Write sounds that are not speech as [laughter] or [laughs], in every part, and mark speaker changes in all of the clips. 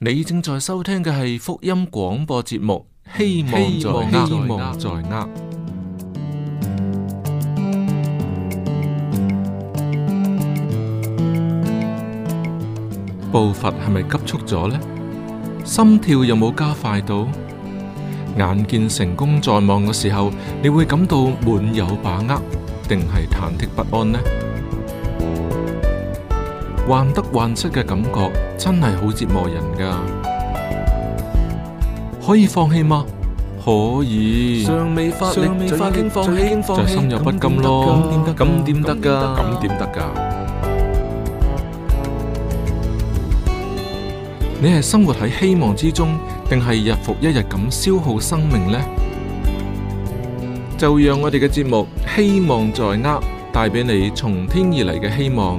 Speaker 1: 你正在收聽嘅係福音廣播節目，希望在握。步伐係咪急促咗呢？心跳有冇加快到？眼見成功在望嘅時候，你會感到滿有把握，定係忐忑不安呢？患得患失嘅感覺真係好折磨人噶，可以放棄嗎？可以。尚未發力，放棄，放棄，就心有不甘咯。咁點得噶？咁點得噶？你係生活喺希望之中，定係日復一日咁消耗生命呢？就讓我哋嘅節目《希望在握》，帶俾你從天而嚟嘅希望。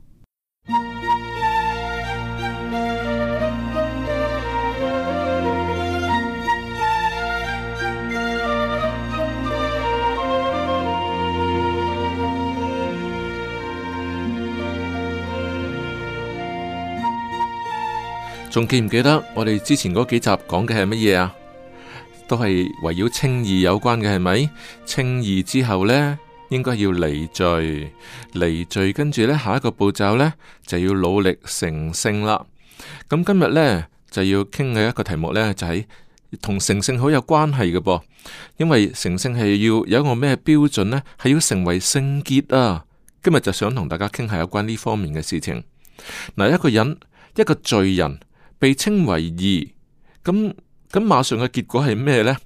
Speaker 1: 仲記唔記得我哋之前嗰幾集講嘅係乜嘢啊？都係圍繞稱義有關嘅係咪？稱義之後呢，應該要離罪，離罪，跟住呢，下一個步驟呢，就要努力成聖啦。咁今日呢，就要傾嘅一個題目呢，就係同成聖好有關係嘅噃，因為成聖係要有一個咩標準呢，係要成為聖潔啊。今日就想同大家傾下有關呢方面嘅事情。嗱，一個人一個罪人。被稱為義，咁咁馬上嘅結果係咩呢？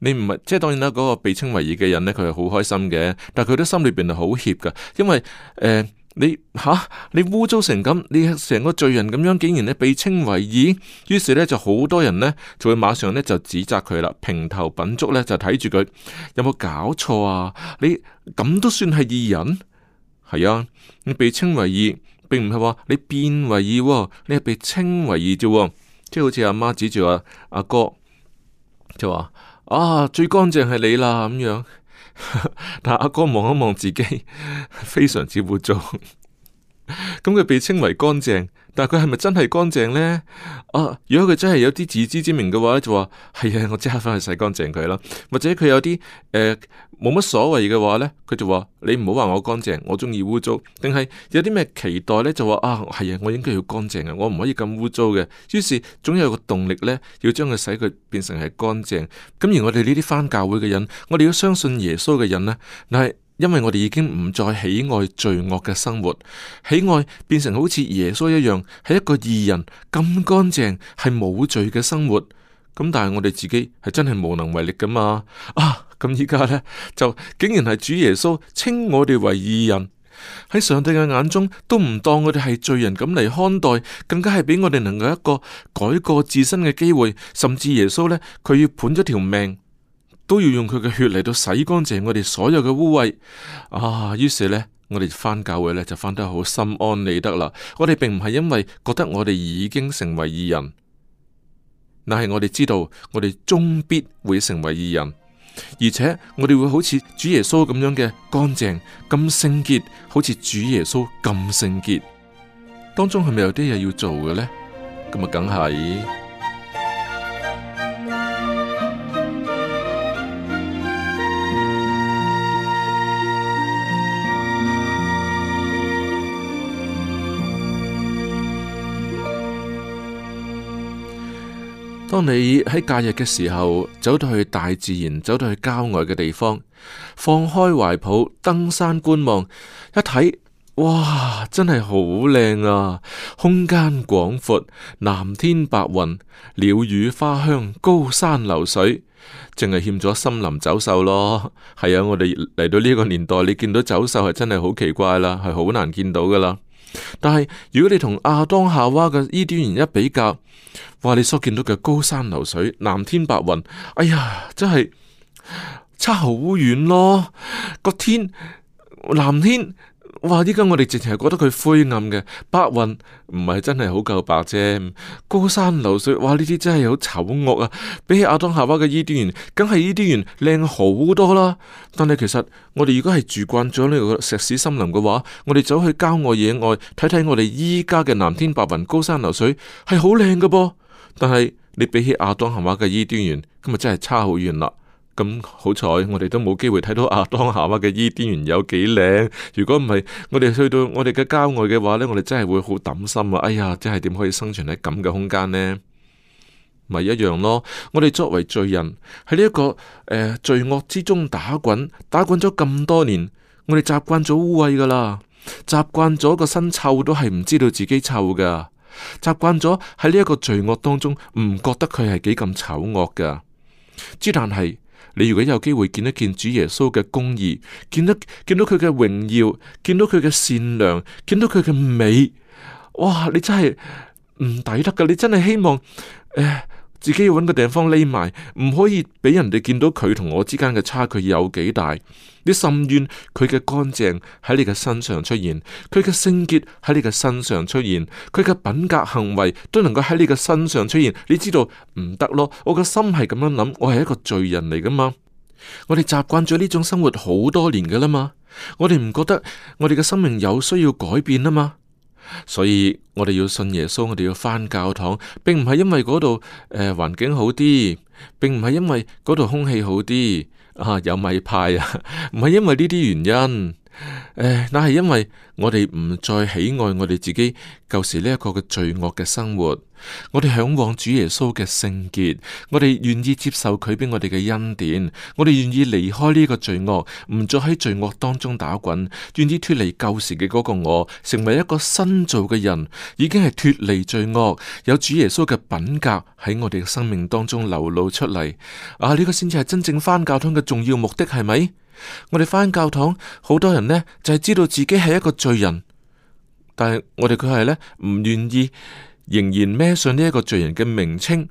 Speaker 1: 你唔係，即係當然啦。嗰、那個被稱為義嘅人呢，佢係好開心嘅，但係佢都心裏邊係好怯噶，因為誒、呃，你吓你污糟成咁，你成個罪人咁樣，竟然呢被稱為義，於是呢就好多人呢就會馬上呢就指責佢啦，評頭品足呢就睇住佢，有冇搞錯啊？你咁都算係義人？係啊，你被稱為義。並唔係話你變為義喎，你係被稱為義啫，即係好似阿媽指住阿、啊、哥就話啊，最乾淨係你啦咁樣， [laughs] 但係阿哥望一望自己 [laughs] 非常之污糟。咁佢被稱為乾淨，但係佢係咪真係乾淨呢？啊，如果佢真係有啲自知之明嘅話，就話係啊，我即刻翻去洗乾淨佢啦。或者佢有啲誒冇乜所謂嘅話咧，佢就話你唔好話我乾淨，我中意污糟。定係有啲咩期待咧？就話啊，係啊，我應該要乾淨啊，我唔可以咁污糟嘅。於是總有個動力咧，要將佢洗佢變成係乾淨。咁而我哋呢啲翻教會嘅人，我哋要相信耶穌嘅人咧，但係。因為我哋已經唔再喜愛罪惡嘅生活，喜愛變成好似耶穌一樣，係一個義人咁乾淨，係冇罪嘅生活。咁但係我哋自己係真係無能為力噶嘛？啊，咁依家呢，就竟然係主耶穌稱我哋為義人，喺上帝嘅眼中都唔當我哋係罪人咁嚟看待，更加係俾我哋能夠一個改過自新嘅機會。甚至耶穌呢，佢要判咗條命，都要用佢嘅血嚟到洗乾淨我哋所有嘅污穢啊！於是呢，我哋翻教會呢，就翻得好心安理得啦。我哋並唔係因為覺得我哋已經成為異人，但係我哋知道我哋終必會成為異人，而且我哋會好似主耶穌咁樣嘅乾淨、咁聖潔，好似主耶穌咁聖潔。當中係咪有啲嘢要做嘅呢？咁啊，梗係。當你喺假日嘅時候，走到去大自然，走到去郊外嘅地方，放開懷抱，登山觀望，一睇，哇，真係好靚啊！空間廣闊，藍天白雲，鳥語花香，高山流水，淨係欠咗森林走獸咯。係 [laughs] 啊，我哋嚟到呢個年代，你見到走獸係真係好奇怪啦，係好難見到噶啦。但係如果你同亞當夏娃嘅呢啲人一比較，話你所見到嘅高山流水、藍天白雲，哎呀，真係差好遠咯，個天藍天。哇！依家我哋淨係覺得佢灰暗嘅，白雲唔係真係好夠白啫。高山流水，哇！呢啲真係好醜惡啊！比起亞當夏娃嘅伊甸園，梗係伊甸園靚好多啦。但係其實我哋如果係住慣咗呢個石屎森林嘅話，我哋走去郊外野外睇睇我哋依家嘅藍天白雲、高山流水，係好靚嘅噃。但係你比起亞當夏娃嘅伊甸園，咁啊真係差好遠啦。咁好彩，我哋都冇機會睇到亞當夏娃嘅伊甸園有幾靚。如果唔係，我哋去到我哋嘅郊外嘅話呢，我哋真係會好抌心啊！哎呀，真係點可以生存喺咁嘅空間呢？咪一樣咯。我哋作為罪人，喺呢一個誒、呃、罪惡之中打滾，打滾咗咁多年，我哋習慣咗污穢噶啦，習慣咗個身臭都係唔知道自己臭噶，習慣咗喺呢一個罪惡當中，唔覺得佢係幾咁醜惡噶。之但係。你如果有機會見一見主耶穌嘅公義，見到見到佢嘅榮耀，見到佢嘅善良，見到佢嘅美，哇！你真係唔抵得噶，你真係希望誒～自己要揾個地方匿埋，唔可以俾人哋見到佢同我之間嘅差距有幾大。你甚願，佢嘅乾淨喺你嘅身上出現，佢嘅聖潔喺你嘅身上出現，佢嘅品格行為都能夠喺你嘅身上出現。你知道唔得咯？我嘅心係咁樣諗，我係一個罪人嚟噶嘛？我哋習慣咗呢種生活好多年噶啦嘛？我哋唔覺得我哋嘅生命有需要改變吖嘛？所以我哋要信耶穌，我哋要返教堂，並唔係因為嗰度，誒，環境好啲，並唔係因為嗰度空氣好啲啊，有米派啊，唔係因為呢啲原因。誒，那係因為我哋唔再喜愛我哋自己舊時呢一個嘅罪惡嘅生活，我哋嚮往主耶穌嘅聖潔，我哋願意接受佢俾我哋嘅恩典，我哋願意離開呢個罪惡，唔再喺罪惡當中打滾，願意脫離舊時嘅嗰個我，成為一個新造嘅人，已經係脫離罪惡，有主耶穌嘅品格喺我哋嘅生命當中流露出嚟。啊，呢、這個先至係真正翻教堂嘅重要目的，係咪？我哋返教堂，好多人呢就係、是、知道自己係一個罪人，但係我哋佢係呢唔願意，仍然孭上呢一個罪人嘅名稱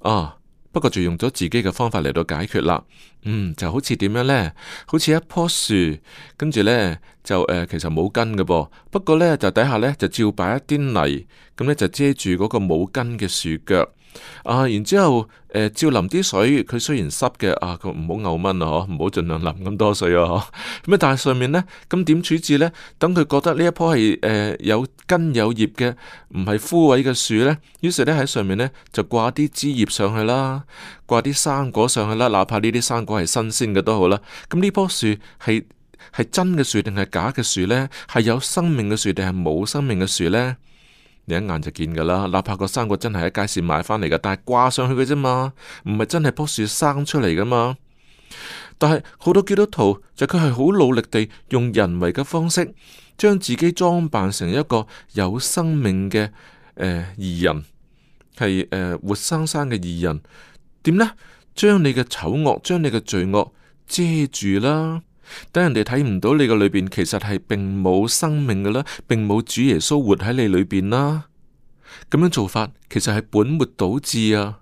Speaker 1: 啊。不過就用咗自己嘅方法嚟到解決啦。嗯，就好似點樣呢？好似一棵樹，跟住呢就誒、呃，其實冇根嘅噃。不過呢，就底下呢就照擺一啲泥，咁呢就遮住嗰個冇根嘅樹腳。啊，然之後誒、呃，照淋啲水，佢雖然濕嘅，啊，佢唔好漚蚊咯，嗬、啊，唔好盡量淋咁多水啊，咁啊，但係上面咧，咁點處置咧？等佢覺得呢一棵係誒、呃、有根有葉嘅，唔係枯萎嘅樹咧，於是咧喺上面咧就掛啲枝葉上去啦，掛啲生果上去啦，哪怕呢啲生果係新鮮嘅都好啦。咁呢棵樹係係真嘅樹定係假嘅樹咧？係有生命嘅樹定係冇生命嘅樹咧？一眼就見噶啦，哪怕個生果真係喺街市買返嚟噶，但係掛上去嘅啫嘛，唔係真係棵樹生出嚟噶嘛。但係好多基督徒就佢係好努力地用人為嘅方式，將自己裝扮成一個有生命嘅誒義人，係誒、呃、活生生嘅義人。點呢？將你嘅醜惡，將你嘅罪惡遮住啦。等人哋睇唔到你個裏邊其實係並冇生命噶啦，並冇主耶穌活喺你裏邊啦，咁樣做法其實係本末倒置啊！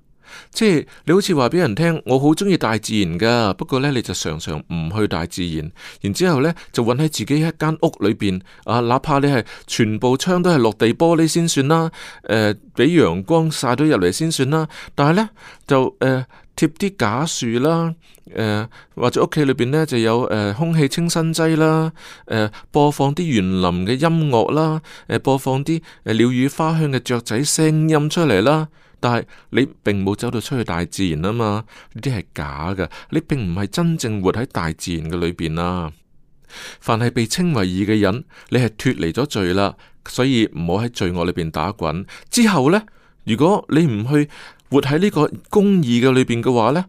Speaker 1: 即係你好似話畀人聽，我好鍾意大自然噶，不過呢，你就常常唔去大自然，然之後呢就混喺自己一間屋裏邊啊，哪怕你係全部窗都係落地玻璃先算啦、啊，誒畀陽光曬到入嚟先算啦、啊，但係呢，就誒。呃貼啲假樹啦，誒、呃、或者屋企裏邊呢就有誒、呃、空氣清新劑啦，誒、呃、播放啲園林嘅音樂啦，誒、呃、播放啲誒鳥語花香嘅雀仔聲音出嚟啦。但係你並冇走到出去大自然啊嘛，呢啲係假㗎，你並唔係真正活喺大自然嘅裏邊啦、啊。凡係被稱為義嘅人，你係脫離咗罪啦，所以唔好喺罪惡裏邊打滾。之後呢，如果你唔去。活喺呢個公義嘅裏邊嘅話呢，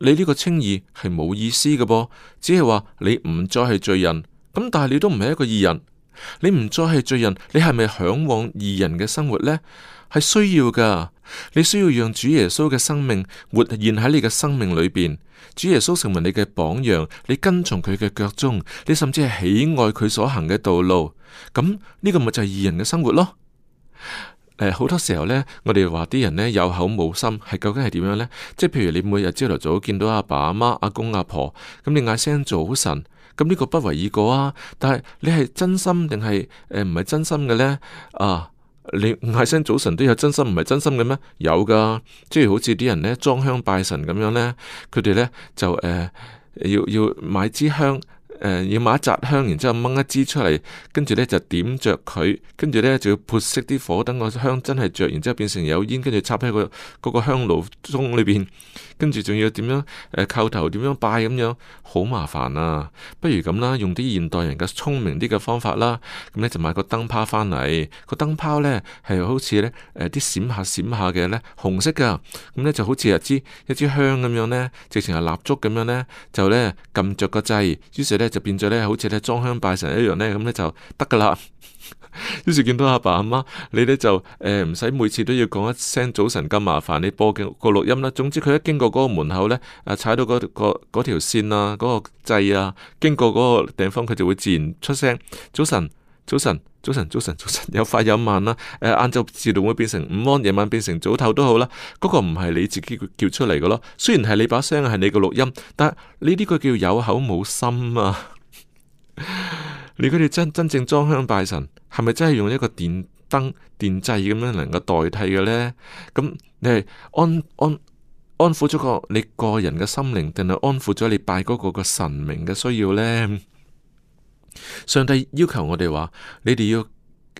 Speaker 1: 你呢個稱義係冇意思嘅噃，只係話你唔再係罪人，咁但係你都唔係一個義人，你唔再係罪人，你係咪向往義人嘅生活呢？係需要噶，你需要讓主耶穌嘅生命活現喺你嘅生命裏邊，主耶穌成為你嘅榜樣，你跟從佢嘅腳蹤，你甚至係喜愛佢所行嘅道路，咁呢個咪就係義人嘅生活咯？誒，好多時候咧，我哋話啲人咧有口冇心，係究竟係點樣咧？即係譬如你每日朝頭早見到阿爸阿媽、阿公阿婆，咁你嗌聲早晨，咁呢個不為已過啊。但係你係真心定係誒唔係真心嘅咧？啊，你嗌聲早晨都有真心唔係真心嘅咩？有噶，即係好似啲人咧裝香拜神咁樣咧，佢哋咧就誒、呃、要要買支香。嗯、要抹一扎香，然之後掹一支出嚟，跟住呢就點着佢，跟住呢就要潑熄啲火，等個香真係着，然之後變成有煙，跟住插喺、嗰個嗰、嗰個、香爐中裏邊。跟住仲要點樣誒、呃、叩頭點樣拜咁樣好麻煩啊！不如咁啦，用啲現代人嘅聰明啲嘅方法啦，咁咧就買個燈泡翻嚟，個燈泡咧係好似咧誒啲閃下閃下嘅咧紅色㗎，咁咧就好似一支一支香咁樣咧，直情係蠟燭咁樣咧，就咧撳着個掣，於是咧就變咗咧好似咧裝香拜神一樣咧，咁咧就得㗎啦。於是見到阿爸阿媽，你咧就誒唔使每次都要講一聲早晨咁麻煩，你播個個錄音啦。總之佢一經過嗰個門口呢，啊踩到嗰、那個嗰條線啊，嗰、那個掣啊，經過嗰個地方，佢就會自然出聲。早晨，早晨，早晨，早晨，早晨，有快有慢啦。晏晝自動會變成午安，夜晚變成早唞都好啦。嗰、那個唔係你自己叫出嚟嘅咯。雖然係你把聲係你個錄音，但呢啲佢叫有口冇心啊。 [laughs] 你佢哋真真正裝香拜神，係咪真係用一個電燈電掣咁樣能夠代替嘅呢？咁你係安安安撫咗個你個人嘅心靈，定係安撫咗你拜嗰個個神明嘅需要呢？上帝要求我哋話，你哋要誒、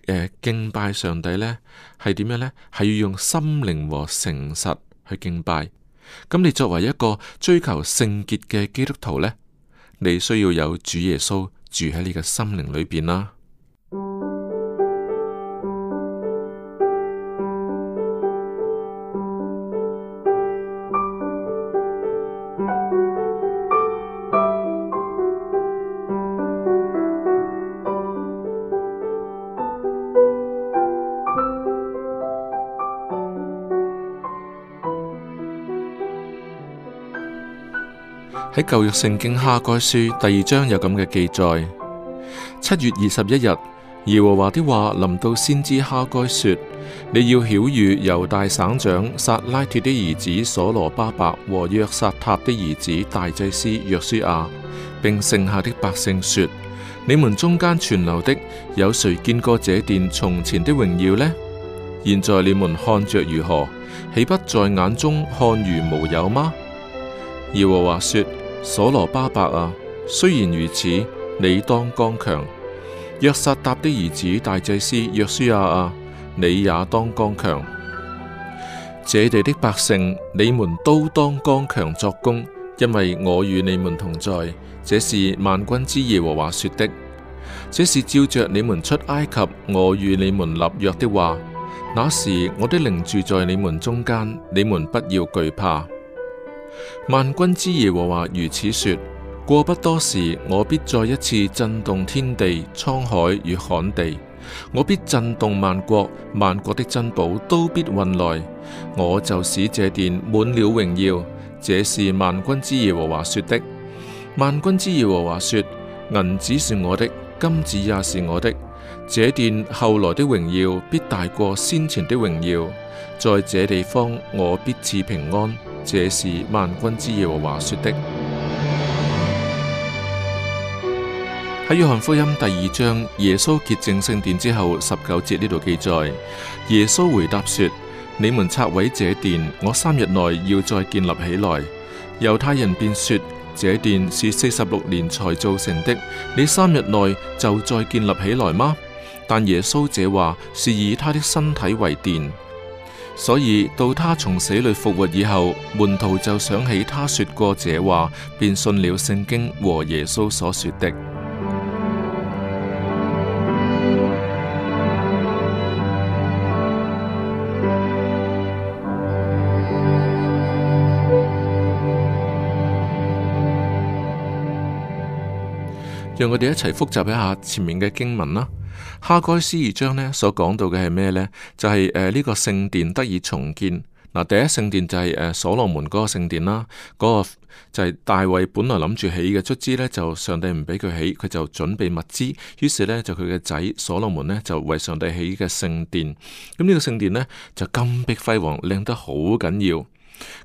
Speaker 1: 呃、敬拜上帝呢，係點樣呢？係要用心靈和誠實去敬拜。咁你作為一個追求聖潔嘅基督徒呢，你需要有主耶穌。住喺你嘅心靈裏邊啦。喺舊約聖經哈該書第二章有咁嘅記載：七月二十一日，耶和華的話臨到先知哈該說：你要曉諭猶大省長撒拉鐵的兒子所羅巴伯和約撒塔的兒子大祭司約書亞，並剩下的百姓說：你們中間存留的，有誰見過這殿從前的榮耀呢？現在你們看着如何，豈不在眼中看如無有嗎？耶和華說：所羅巴伯啊，雖然如此，你當剛強；約撒達的兒子大祭司約書亞啊，你也當剛強。這地的百姓，你們都當剛強作工，因為我與你們同在。這是萬軍之耶和華說的，這是照着你們出埃及，我與你們立約的話。那時我的靈住在你們中間，你們不要懼怕。萬軍之耶和華如此說：過不多時，我必再一次震動天地、滄海與旱地，我必震動萬國，萬國的珍寶都必運來。我就使這殿滿了榮耀。這是萬軍之耶和華說的。萬軍之耶和華說：銀子是我的，金子也是我的。這殿後來的榮耀必大過先前的榮耀，在這地方我必賜平安。這是萬軍之耶和華說的。喺約翰福音第二章耶穌潔淨聖殿之後十九節呢度記載，耶穌回答說：你們拆毀這殿，我三日內要再建立起來。猶太人便說：這殿是四十六年才造成的，你三日內就再建立起來嗎？但耶穌這話是以他的身體為殿，所以到他從死裏復活以後，門徒就想起他說過這話，便信了聖經和耶穌所說的。讓我哋一齊複習一下前面嘅經文啦。哈該斯二章呢所講到嘅係咩呢？就係誒呢個聖殿得以重建嗱。第一聖殿就係誒所羅門嗰個聖殿啦，嗰、嗰個就係大衛本來諗住起嘅，卒之呢就上帝唔俾佢起，佢就準備物資，於是呢，就佢嘅仔所羅門呢，就為上帝起嘅聖殿。咁呢個聖殿呢，就金碧輝煌，靚得好緊要。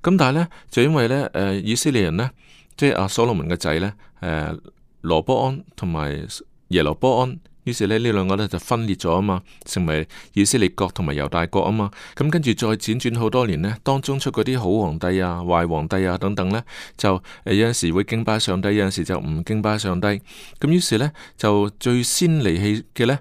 Speaker 1: 咁但係呢，就因為呢，誒以色列人呢，即係阿所羅門嘅仔呢，誒羅波安同埋耶羅波安。於是呢，呢兩個呢就分裂咗啊嘛，成為以色列國同埋猶大國啊嘛。咁跟住再輾轉好多年呢，當中出嗰啲好皇帝啊、壞皇帝啊等等呢，就有陣時會敬拜上帝，有陣時就唔敬拜上帝。咁於是呢，就最先離棄嘅呢。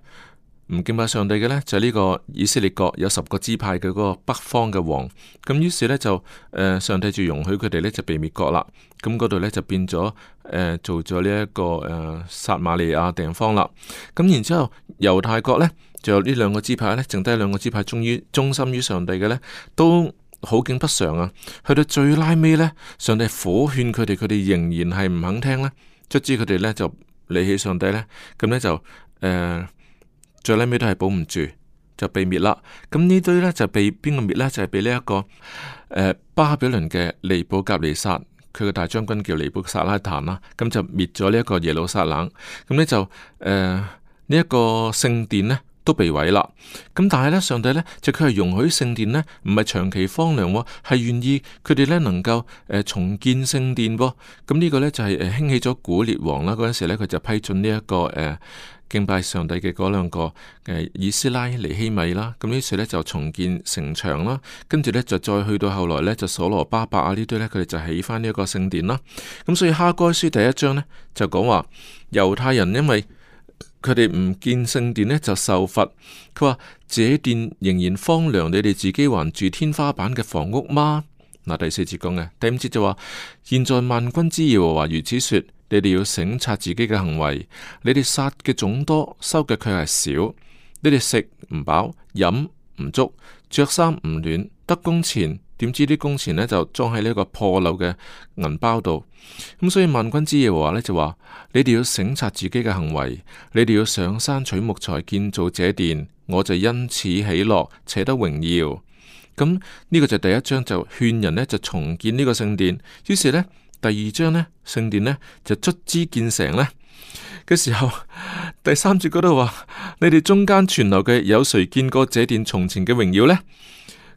Speaker 1: 唔敬拜上帝嘅呢，就呢個以色列國有十個支派嘅嗰個北方嘅王，咁於是呢，就誒、呃、上帝就容許佢哋呢就被滅國啦。咁嗰度呢，就變咗誒、呃、做咗呢一個誒撒馬利亞地方啦。咁然之後猶太國呢，就呢兩個支派呢，剩低兩個支派忠於忠心於上帝嘅呢，都好景不常啊。去到最拉尾呢，上帝苦勸佢哋，佢哋仍然係唔肯聽咧，卒之佢哋呢就離棄上帝呢。咁呢，就、呃、誒。最後尾都係保唔住，就被滅啦。咁呢堆呢，就被邊個滅呢？就係、是、被呢、這、一個、呃、巴比倫嘅尼布甲尼撒，佢嘅大將軍叫尼布撒拉坦啦。咁就滅咗呢一個耶路撒冷。咁、呃這個、呢就誒呢一個聖殿呢都被毀啦。咁但係呢，上帝呢，就佢係容許聖殿呢唔係長期荒涼、哦，係願意佢哋呢能夠誒、呃、重建聖殿、哦。咁呢個呢，就係、是、誒興起咗古列王啦。嗰陣時呢佢就批准呢、這、一個誒。呃敬拜上帝嘅嗰兩個誒，以斯拉、尼希米啦，咁於是呢就重建城牆啦，跟住呢，就再去到後來呢，就所羅巴伯啊呢堆呢，佢哋就起翻呢一個聖殿啦。咁所以哈該書第一章呢，就講話，猶太人因為佢哋唔建聖殿呢，就受罰。佢話這殿仍然荒涼，你哋自己還住天花板嘅房屋嗎？嗱，第四節講嘅，第五節就話，現在萬軍之耶和華如此說。你哋要省察自己嘅行為，你哋殺嘅種多，收嘅卻係少，你哋食唔飽，飲唔足，着衫唔暖，得工錢，點知啲工錢呢就裝喺呢個破漏嘅銀包度，咁、嗯、所以萬軍之耶和華呢就話：你哋要省察自己嘅行為，你哋要上山取木材建造這殿，我就因此喜樂，且得榮耀。咁、嗯、呢、這個就第一章就勸人呢就重建呢個聖殿，於是呢。第二章咧，聖殿咧就卒之建成咧嘅時候，第三節嗰度話，你哋中間存留嘅，有誰見過這殿從前嘅榮耀咧？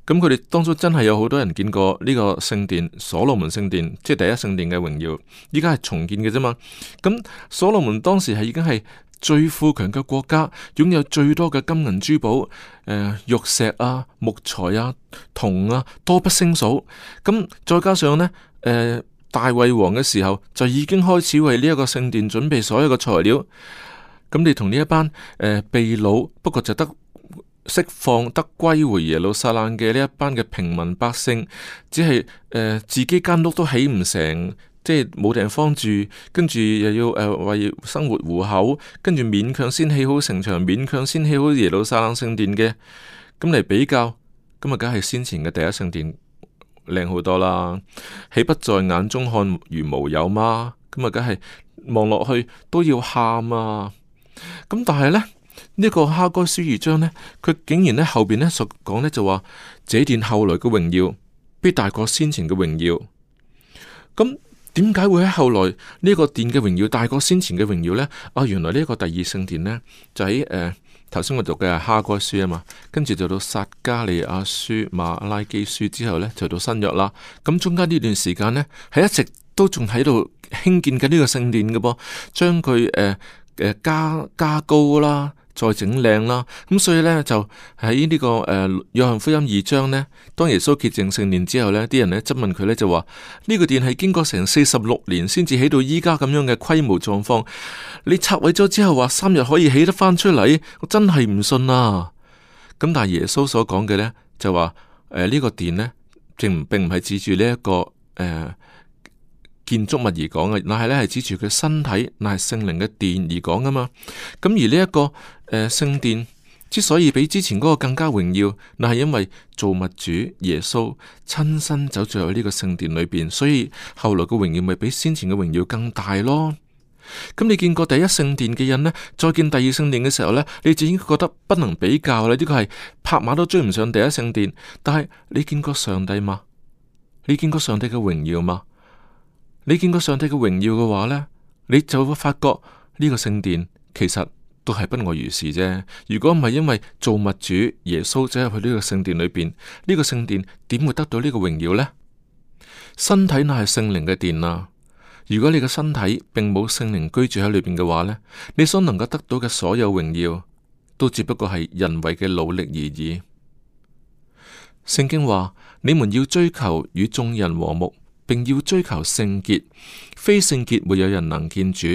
Speaker 1: 咁佢哋當初真係有好多人見過呢個聖殿，所羅門聖殿，即係第一聖殿嘅榮耀。依家係重建嘅啫嘛。咁所羅門當時係已經係最富強嘅國家，擁有最多嘅金銀珠寶、誒玉石啊、木材啊、銅啊，多不勝數。咁再加上咧，誒。大衛王嘅時候就已經開始為呢一個聖殿準備所有嘅材料，咁你同呢一班誒被擄不過就得釋放得歸回耶路撒冷嘅呢一班嘅平民百姓，只係誒、呃、自己間屋都起唔成，即係冇地方住，跟住又要誒、呃、為生活糊口，跟住勉強先起好城牆，勉強先起好耶路撒冷聖殿嘅，咁嚟比較，咁啊梗係先前嘅第一聖殿。靚好多啦，豈不在眼中看如無有嗎？咁啊，梗係望落去都要喊啊！咁但係呢，呢、這個哈該書二章呢，佢竟然咧後邊咧所講咧就話，這殿後來嘅榮耀，必大過先前嘅榮耀。咁點解會喺後來呢、這個殿嘅榮耀大過先前嘅榮耀呢？啊，原來呢個第二聖殿呢，就喺誒。呃頭先我讀嘅係哈該書，啊嘛，跟住就到撒加利亞書、馬拉基書之後咧，就到新約啦。咁中間呢段時間咧，係一直都仲喺度興建緊呢個聖殿嘅噃，將佢誒誒加加高啦。再整靚啦，咁所以呢，就喺呢個誒《約翰福音》二章呢，當耶穌潔淨聖殿之後呢，啲人呢質問佢呢，就話呢個殿係經過成四十六年先至起到依家咁樣嘅規模狀況，你拆毀咗之後話三日可以起得翻出嚟，我真係唔信啦、啊。咁但係耶穌所講嘅呢，就話誒呢個殿呢，並並唔係指住呢一個誒。呃建築物而講嘅，但係咧係指住佢身體，乃係聖靈嘅殿而講啊嘛。咁而呢、這、一個誒、呃、聖殿之所以比之前嗰個更加榮耀，那係因為造物主耶穌親身走入呢個聖殿裏邊，所以後來嘅榮耀咪比先前嘅榮耀更大咯。咁你見過第一聖殿嘅人呢，再見第二聖殿嘅時候呢，你就已經覺得不能比較啦。呢、這個係拍馬都追唔上第一聖殿。但係你見過上帝嗎？你見過上帝嘅榮耀嗎？你見過上帝嘅榮耀嘅話呢，你就會發覺呢個聖殿其實都係不外如是啫。如果唔係因為造物主耶穌走入去呢個聖殿裏邊，呢個聖殿點會得到呢個榮耀呢？身體乃係聖靈嘅殿啊！如果你嘅身體並冇聖靈居住喺裏邊嘅話呢，你所能夠得到嘅所有榮耀，都只不過係人為嘅努力而已。聖經話：你們要追求與眾人和睦。並要追求聖潔，非聖潔沒有人能見主。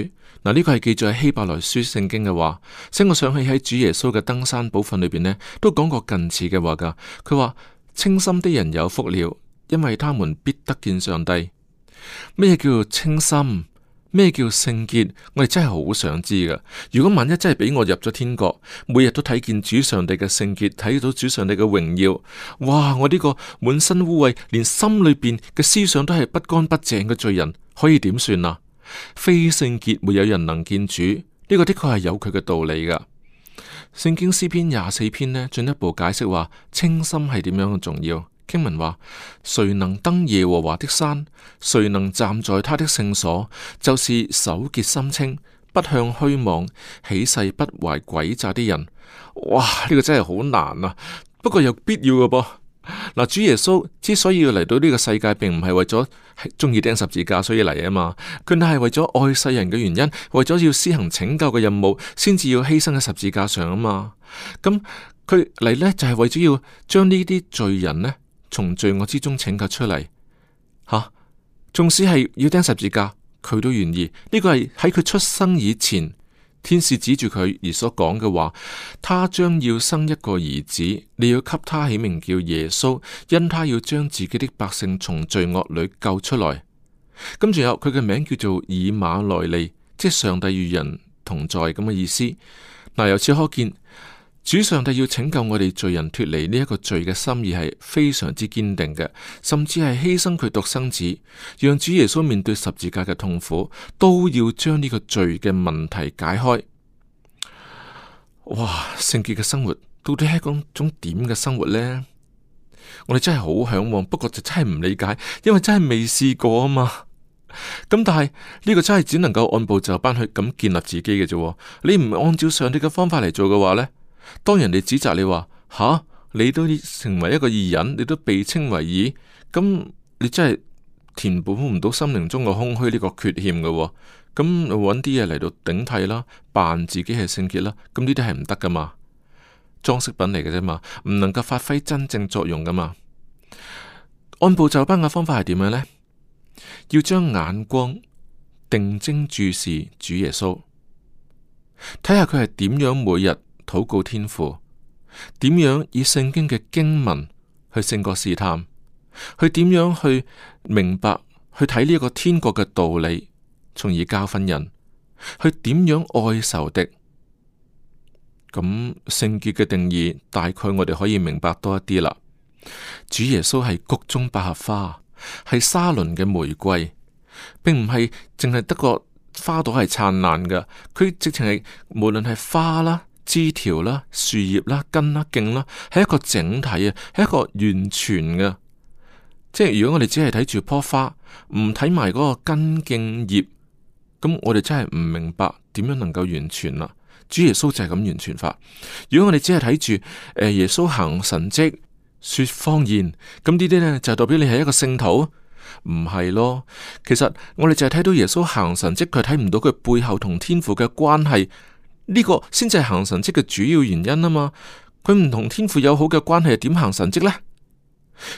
Speaker 1: 嗱，呢個係記載喺希伯來書聖經嘅話，使我想起喺主耶穌嘅登山寶訓裏邊呢，都講過近似嘅話噶。佢話，清心的人有福了，因為他們必得見上帝。咩叫做清心？咩叫聖潔？我哋真係好想知噶。如果萬一真係俾我入咗天國，每日都睇見主上帝嘅聖潔，睇到主上帝嘅榮耀，哇！我呢個滿身污穢，連心裏邊嘅思想都係不乾不淨嘅罪人，可以點算啊？非聖潔，沒有人能見主。呢個的確係有佢嘅道理噶。聖經詩篇廿四篇呢，進一步解釋話，清心係點樣重要。經文話：誰能登耶和華的山，誰能站在他的聖所，就是手潔心清、不向虛妄、起誓不懷詭詐的人。哇！呢個真係好難啊，不過有必要嘅噃。嗱，主耶穌之所以要嚟到呢個世界，並唔係為咗鍾意釘十字架所以嚟啊嘛。佢係為咗愛世人嘅原因，為咗要施行拯救嘅任務，先至要犧牲喺十字架上啊嘛。咁佢嚟呢，就係為咗要將呢啲罪人咧。從罪惡之中拯救出嚟，吓，縱使係要釘十字架，佢都願意。呢個係喺佢出生以前，天使指住佢而所講嘅話，他將要生一個兒子，你要給他起名叫耶穌，因他要將自己的百姓從罪惡裏救出來。咁仲有佢嘅名叫做以馬內利，即上帝與人同在咁嘅意思。嗱，由此可見。主上帝要拯救我哋罪人脫離呢一個罪嘅心意係非常之堅定嘅，甚至係犧牲佢獨生子，讓主耶穌面對十字架嘅痛苦，都要將呢個罪嘅問題解開。哇！聖潔嘅生活到底係一種點嘅生活咧？我哋真係好向往，不過就真係唔理解，因為真係未試過啊嘛。咁但係呢個真係只能夠按部就班去咁建立自己嘅啫。你唔按照上帝嘅方法嚟做嘅話咧？當人哋指責你話吓，你都成為一個異人，你都被稱為異，咁你真係填補唔到心靈中個空虛呢個缺陷嘅。哦，咁你搵啲嘢嚟到頂替啦，扮自己係聖潔啦，咁呢啲係唔得噶嘛，裝飾品嚟嘅啫嘛，唔能夠發揮真正作用噶嘛。按部就班嘅方法係點樣呢？要將眼光定睛注視主耶穌，睇下佢係點樣每日。禱告天父，點樣以聖經嘅經文去勝過試探，去點樣去明白，去睇呢一個天國嘅道理，從而教訓人，去點樣愛仇敵。咁聖潔嘅定義大概我哋可以明白多一啲啦。主耶穌係谷中百合花，係沙崙嘅玫瑰，並唔係淨係得個花朵係燦爛嘅，佢直情係無論係花啦。枝條啦、樹葉啦、根啦、莖啦，係一個整體啊，係一個完全嘅。即係如果我哋只係睇住棵花，唔睇埋嗰個根莖葉，咁我哋真係唔明白點樣能夠完全啦。主耶穌就係咁完全法。如果我哋只係睇住耶穌行神蹟、說方言，咁呢啲呢，就代表你係一個聖徒，唔係咯？其實我哋就係睇到耶穌行神蹟，佢睇唔到佢背後同天父嘅關係。呢個先至係行神蹟嘅主要原因啊嘛！佢唔同天父有好嘅關係，又點行神蹟呢？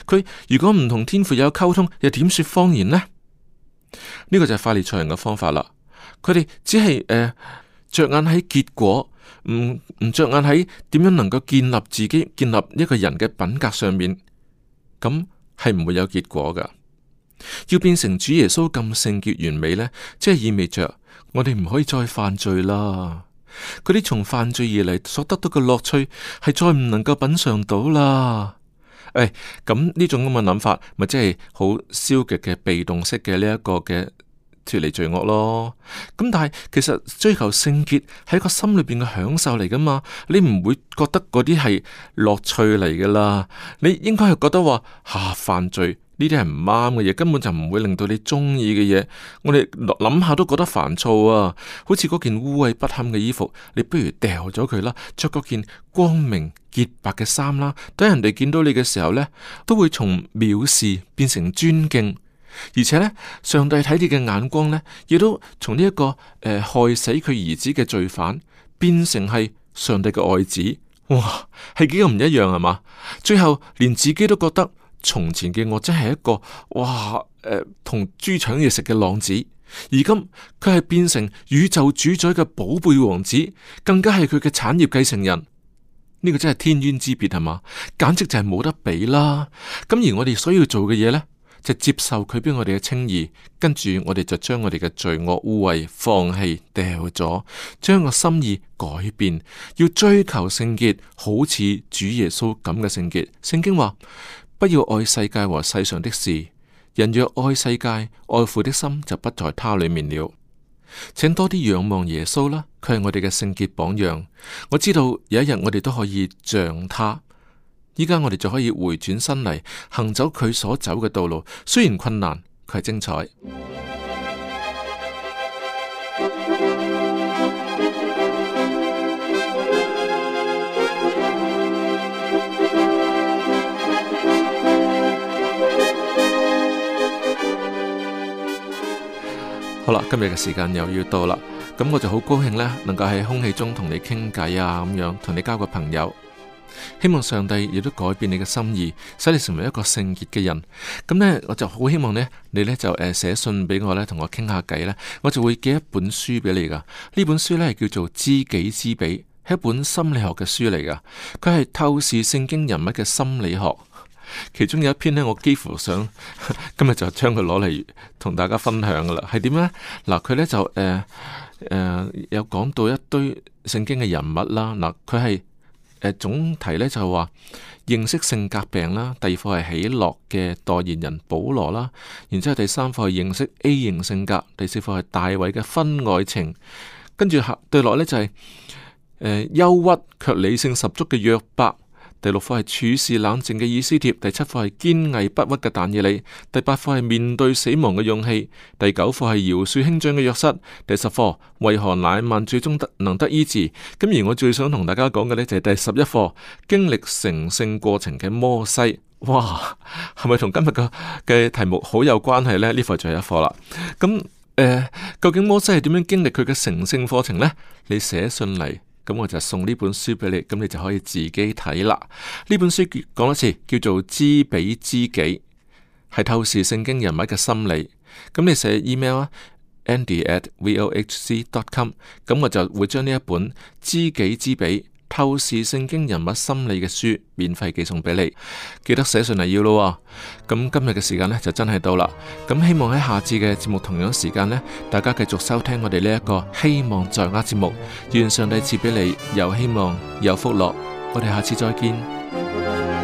Speaker 1: 佢如果唔同天父有溝通，又點說方言呢？呢、這個就係法利賽人嘅方法啦。佢哋只係、呃、着眼喺結果，唔唔著眼喺點樣能夠建立自己、建立一個人嘅品格上面，咁係唔會有結果噶。要變成主耶穌咁聖潔完美呢，即係意味着我哋唔可以再犯罪啦。佢啲從犯罪而嚟所得到嘅樂趣，係再唔能夠品嘗到啦。誒、哎，咁呢種咁嘅諗法，咪即係好消極嘅被動式嘅呢一個嘅脱離罪惡咯。咁但係其實追求聖潔係一個心裏邊嘅享受嚟噶嘛，你唔會覺得嗰啲係樂趣嚟噶啦？你應該係覺得話下、啊、犯罪。呢啲係唔啱嘅嘢，根本就唔會令到你中意嘅嘢。我哋諗下都覺得煩躁啊！好似嗰件污穢不堪嘅衣服，你不如掉咗佢啦，着嗰件光明潔白嘅衫啦。等人哋見到你嘅時候呢，都會從藐視變成尊敬，而且呢，上帝睇你嘅眼光呢，亦都從呢一個、呃、害死佢兒子嘅罪犯，變成係上帝嘅愛子。哇，係幾咁唔一樣啊嘛！最後連自己都覺得。從前嘅我真係一個哇，誒、呃，同豬搶嘢食嘅浪子。而今佢係變成宇宙主宰嘅寶貝王子，更加係佢嘅產業繼承人。呢、這個真係天淵之別係嘛？簡直就係冇得比啦。咁而我哋所要做嘅嘢呢，就接受佢俾我哋嘅稱義，跟住我哋就將我哋嘅罪惡污穢放棄掉咗，將個心意改變，要追求聖潔，好似主耶穌咁嘅聖潔。聖經話。不要愛世界和世上的事，人若愛世界，愛父的心就不在他裏面了。請多啲仰望耶穌啦，佢係我哋嘅聖潔榜樣。我知道有一日我哋都可以像他，依家我哋就可以回轉身嚟，行走佢所走嘅道路。雖然困難，佢係精彩。好啦，今日嘅時間又要到啦，咁我就好高興呢，能夠喺空氣中同你傾偈啊，咁樣同你交個朋友。希望上帝亦都改變你嘅心意，使你成為一個聖潔嘅人。咁呢，我就好希望呢，你呢就誒寫信俾我呢，同我傾下偈呢，我就會寄一本書俾你噶。呢本書呢，叫做《知己知彼》，係一本心理學嘅書嚟噶，佢係透視聖經人物嘅心理學。其中有一篇呢，我幾乎想今日就將佢攞嚟同大家分享噶啦，係點呢？嗱，佢呢就誒誒、呃呃、有講到一堆聖經嘅人物啦。嗱，佢係誒總題咧就話認識性格病啦。第二課係喜樂嘅代言人保羅啦，然之後第三課係認識 A 型性格，第四課係大衛嘅婚外情，跟住下對落呢，就係誒憂鬱卻理性十足嘅約伯。第六課係處事冷靜嘅以斯帖，第七課係堅毅不屈嘅但以理，第八課係面對死亡嘅勇氣，第九課係饒恕兄長嘅約瑟，第十課為何乃縵最終得能得醫治？咁而我最想同大家講嘅呢，就係第十一課經歷成聖過程嘅摩西。哇，係咪同今日嘅嘅題目好有關係呢？呢課就係一課啦。咁、嗯、誒，究竟摩西係點樣經歷佢嘅成聖課程呢？你寫信嚟。咁我就送呢本書畀你，咁你就可以自己睇啦。呢本書講多次，叫做《知彼知己》，係透視聖經人物嘅心理。咁你寫 email 啊，andy@vohc.com，咁我就會將呢一本《知己知彼》。透視聖經人物心理嘅書免費寄送俾你，記得寫信嚟要咯。咁今日嘅時間呢，就真係到啦。咁希望喺下次嘅節目同樣時間呢，大家繼續收聽我哋呢一個希望在握節目，願上帝賜俾你有希望有福樂。我哋下次再見。拜拜。